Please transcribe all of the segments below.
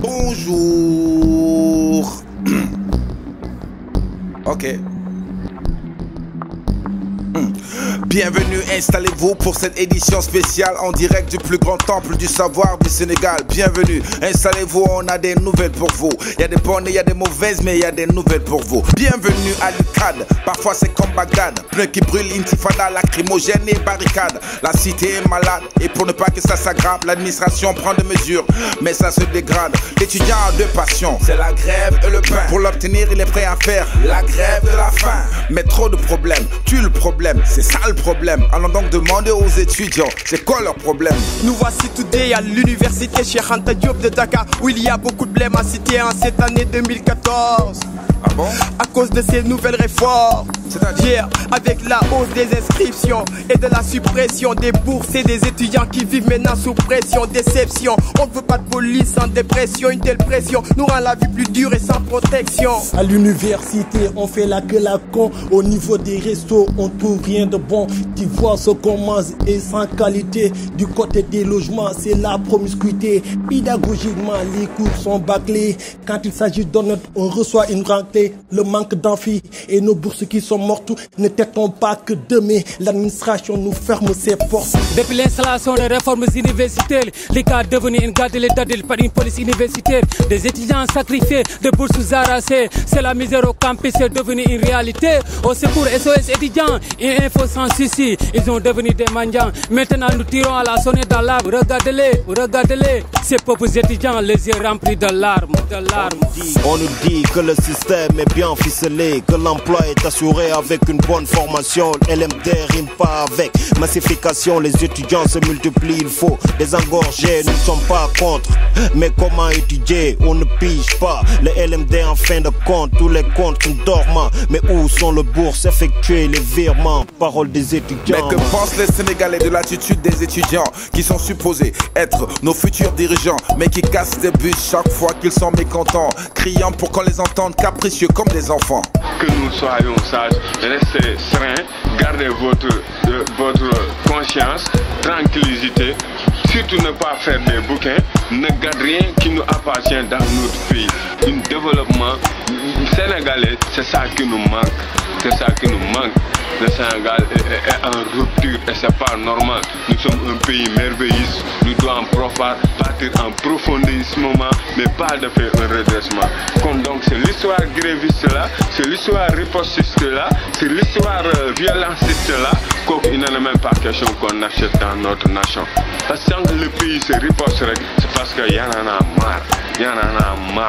Bonjour. ok. Hmm. Bienvenue, installez-vous pour cette édition spéciale en direct du plus grand temple du savoir du Sénégal. Bienvenue, installez-vous, on a des nouvelles pour vous. Il y a des bonnes et il y a des mauvaises, mais il y a des nouvelles pour vous. Bienvenue à l'UCAD, parfois c'est comme Bagdad. Plein qui brûle, intifada, lacrymogène et barricade. La cité est malade et pour ne pas que ça s'aggrave, l'administration prend des mesures, mais ça se dégrade. L'étudiant a deux passions, c'est la grève et le pain. Pour l'obtenir, il est prêt à faire la grève de la faim. Mais trop de problèmes, tu le problème c'est ça le problème. Allons donc demander aux étudiants, c'est quoi leur problème Nous voici today à l'université chez Anta Diop de Dakar, où il y a beaucoup de blêmes à citer en cette année 2014. A ah À cause de ces nouvelles réformes. C'est-à-dire avec la hausse des inscriptions et de la suppression des bourses et des étudiants qui vivent maintenant sous pression, déception. On ne veut pas de police Sans dépression, une telle pression nous rend la vie plus dure et sans protection. À l'université, on fait la queue la con. Au niveau des restos, on trouve rien de bon. Tu ce qu'on commence et sans qualité. Du côté des logements, c'est la promiscuité. Pédagogiquement, les cours sont bâclés. Quand il s'agit d'un on reçoit une grande le manque d'amphi et nos bourses qui sont mortes. Ne t'étons pas que demain, l'administration nous ferme ses portes. Depuis l'installation des réformes universitaires, les cas devenu une garde de l'État par une police universitaire. Des étudiants sacrifiés, des bourses arrachées. C'est la misère au campus, c'est devenu une réalité. Au secours SOS étudiants, et info sans souci. Ils ont devenu des mendiants. Maintenant, nous tirons à la sonnette d'alarme. Regardez-les, regardez-les. Ces pauvres étudiants, les yeux remplis de larmes. De larmes. On nous dit que le système mais bien ficelé, que l'emploi est assuré avec une bonne formation. LMD rime pas avec massification, les étudiants se multiplient, il faut les engorger. Nous ne sommes pas contre, mais comment étudier On ne pige pas. Le LMD en fin de compte, tous les comptes sont dormants. Mais où sont les bourses effectuées les virements Parole des étudiants. Mais que pensent les Sénégalais de l'attitude des étudiants qui sont supposés être nos futurs dirigeants, mais qui cassent des bus chaque fois qu'ils sont mécontents, criant pour qu'on les entende, qu'après comme des enfants. Que nous soyons sages, restez sereins, gardez votre, votre conscience, tranquillité, surtout ne pas faire des bouquins, ne garde rien qui nous appartient dans notre pays. Un développement sénégalais, c'est ça qui nous manque. C'est ça qui nous manque. Le Sénégal est, en rupture et c'est pas normal. Nous sommes un pays merveilleux, nous devons en en profondeur en moment, mais pas de faire un redressement. Comme donc c'est l'histoire gréviste-là, c'est l'histoire riposte-là, c'est l'histoire euh, c'est là qu'il n'a même pas question qu'on achète dans notre nation. Parce que le pays se riposte, c'est parce qu'il y en a marre, il y en a marre.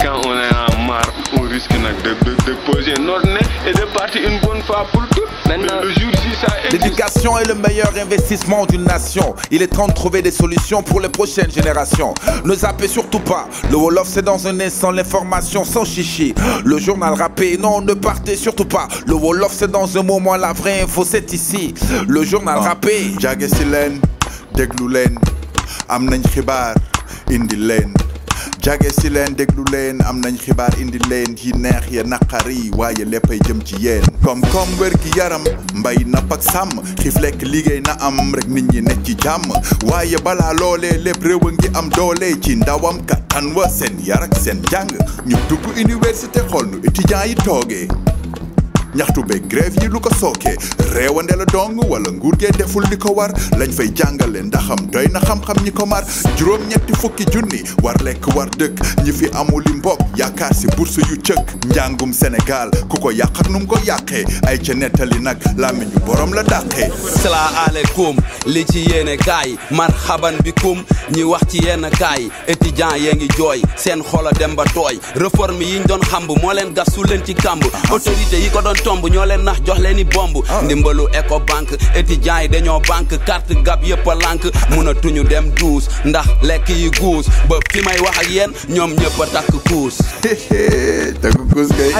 Quand on est en marre, on risque de, poser notre nez et de partir une bonne fois pour tout. L'éducation est le meilleur investissement d'une nation. Il est temps de trouver des solutions pour les prochaines générations. Ne zappez surtout pas. Le Wolof, c'est dans un instant l'information sans chichi. Le journal rappé, non, ne partez surtout pas. Le Wolof, c'est dans un moment la vraie info, c'est ici. Le journal ah, rappé. Amnen jage si leen déglu leen am nañ xibaar indi leen yi neex ya naqari waaye léppay jëm ci yéen koom-koom wér gi yaram mbay napp ak sàmm xiif lekk liggéey na am rek nit ñi nekk ci jàmm waaye balaa loole lépp réew a ngi am doole ci ndawam kattan wa seen yar ak seen jàng ñu dugg université xool nu étudiants yi toogee ñaxtu be grève yi lu ko soké réewande la dong wala nguur ge deful liko war lañ fay jàngale ndaxam doy na xam-xam ñi ko mar juroom ñetti fukki junni war lek war dekk ñi fi amuli mbokk yaakar ci bourse yu cëkk njàngum sénégal ku ko yàq ak num ko yaqé ay ca nettali la làmmiñu borom la dàqee alaykum li ci yene kay marhaban bikum ñi wax ci yene kay étudiant ye ngi joy sen xol a dem ba tooy réforme don doon xamb mo len gasul len ci kamb autorité yi ko don tomb ñoo leen nax jox leen i bomb ah. ndimbalu Ecobank étudiants yi dañoo banque carte gab yëpp lànk mun a tuñu dem duus ndax lekk yi guus ba fi may wax ak yéen ñoom ñëpp a takk kuus takk kuus kay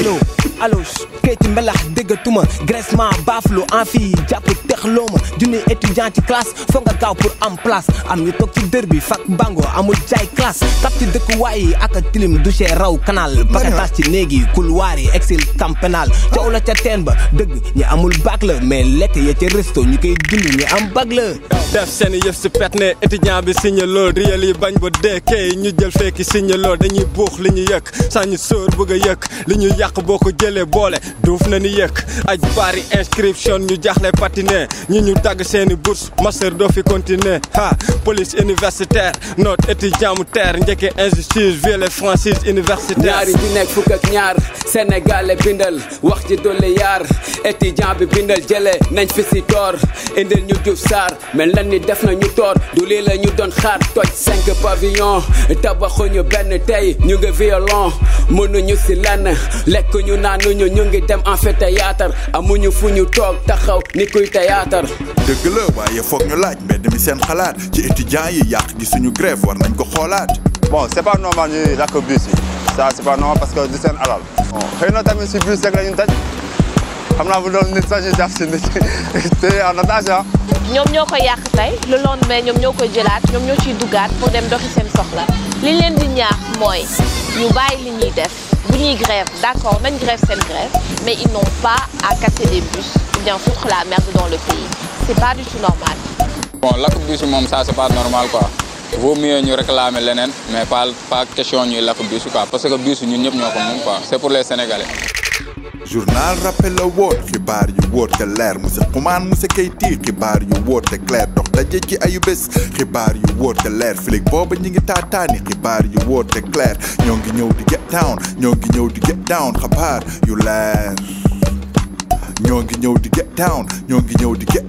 allos kayti mbelax déggatuma graissement baaflu amphi jàpp texloo ma junni étudiant ci classe foog nga gaaw pour am place am ñu toog ci derby fak bango amul jai classe tap ci dëkkuwaay yi ak tilim duché raw canal pakatas ci negi yi couloir yi exil camp pénal la ca teen ba dëgg ñi amul bac la mais ya ca resto ñu koy dund ñi am bac la def seen yëf si pet ne étudiant bi signé lool réel yi bañ ba dekkee ñu jël fekki signé lool dañuy buux li ñu sañu bëgg a yëkk li ñu jëlee boole duuf na ni yëkk aj bari inscription ñu jaaxle patiné ñi ñu dagg seeni bourse master doo fi continuer ha police universitaire note étudiant mu terre njëkke injustice viole franchise universitaire ñaari ji nekk fukk ak ñaar sénégalais bindal wax ji dolli yaar étudiant bi bindal jële nañ fi si toor indil ñu jub saar mel lan ni def na ñu toor du lii la ñu doon xaar toj cinq pavillon tabaxuñu benn tey ñu ngi violon mënuñu si lenn lekk ñu naan nañu ñu ngi dem en fait théâtre amuñu fu ñu toog taxaw ni kuy théâtre dëgg la waaye foog ñu laaj mbedd mi seen xalaat ci étudiants yi yàq gi suñu grève war nañ ko xoolaat bon c'est pas normal ñuy lakk bus c'est pas normal parce que di seen alal xëy na tamit si bus rek la ñu xam naa bu doon nit sax ñu jàpp si nit te en otage ah ñoom ñoo ko yàq tey le lendemain ñoom ñoo koy jëlaat ñoom ñoo ciy duggaat pour dem doxi seen soxla li leen di ñaax mooy ñu bàyyi oui, n'y grève, d'accord, même grève, c'est une grève, mais ils n'ont pas à casser des bus ou bien foutre la merde dans le pays. C'est pas du tout normal. Bon, la bus, ça, c'est pas normal, quoi. vaut mieux nous réclamer mais pas pas question de la bus parce que bus ñun pas, c'est pour les Sénégalais. journal rappel la wóor xibaar yu wóor te leer mu Xuman monsieur Keyti xibaar yu wóor te clair dox daje ci ayu bés xibaar yu wóor te leer filig booba ñu ngi taataani xibaar yu wóor te clair ñoo ngi ñëw di get down ñoo ngi ñëw di get down xabaar yu leer ñoo ngi ñëw di get ñëw di get